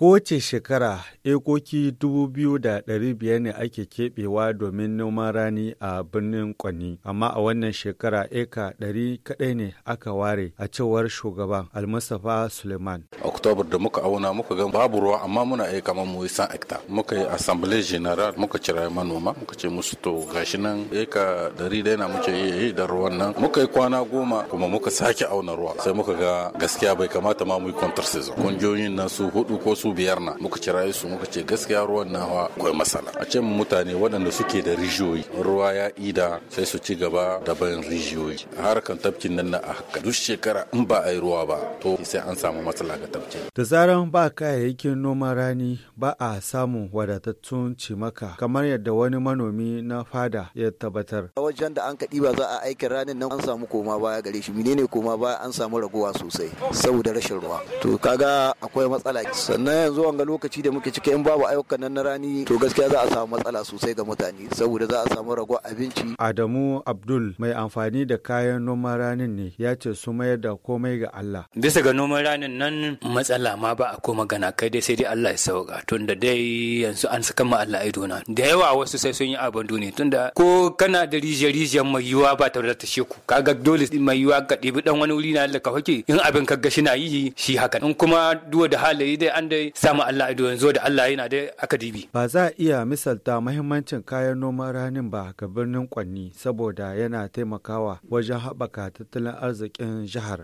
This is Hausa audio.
Kowace shekara, ekoki 2,500 ne ake keɓewa domin noman rani a birnin Kwani, amma a wannan shekara eka 100 kaɗai ne aka ware a cewar shugaban almasafa Suleiman. Oktobar da muka auna muka gan babu ruwa amma muna iya kamar mu san ekta Muka yi assemblée general muka cira manoma muka ce musu to gashi nan eka 100 na muke yi da ruwan nan. Muka yi kwana goma kuma muka sake auna ruwa sai muka ga gaskiya bai kamata ma mu yi counter season. Kungiyoyin nan su hudu ko su biyar na muka kira su muka ce gaskiya ruwan na hawa akwai matsala a ce mutane waɗanda suke da rijiyoyi ruwa ya ida sai su ci gaba da bayan rijiyoyi harkan tafkin nan na a haka duk shekara in ba a yi ruwa ba to sai an samu matsala ga tafkin da zaran ba kayayyakin noman rani ba a samun wadatattun cimaka kamar yadda wani manomi na fada ya tabbatar a wajen da an kaɗi ba za a aikin ranin nan an samu koma baya gare shi menene koma baya an samu raguwa sosai saboda rashin ruwa to kaga akwai matsala sannan yanzu ga lokaci da muke ciki in babu ayyukan nan na rani to gaskiya za a samu matsala sosai ga mutane saboda za a samu rago abinci Adamu Abdul mai amfani da kayan noman ranin ne ya ce su mayar da komai ga Allah bisa ga noman ranin nan matsala ma ba a ko magana kai dai sai dai Allah ya sauka tunda dai yanzu an saka ma Allah ido na da yawa wasu sai sun yi abin duniya tunda ko kana da rijiyar rijiyar mai yiwa ba tare da ta sheku kaga dole mai yiwa ka ɗibi dan wani wuri na Allah ka hake in abin ka gashi na yi shi haka in kuma duwa da halaye dai an da dai samu Allah ido yanzu da Allah yana dai aka dibi. Ba za a iya misalta mahimmancin kayan noman ranin ba ga birnin Kwanni saboda yana taimakawa wajen haɓaka tattalin arzikin jihar.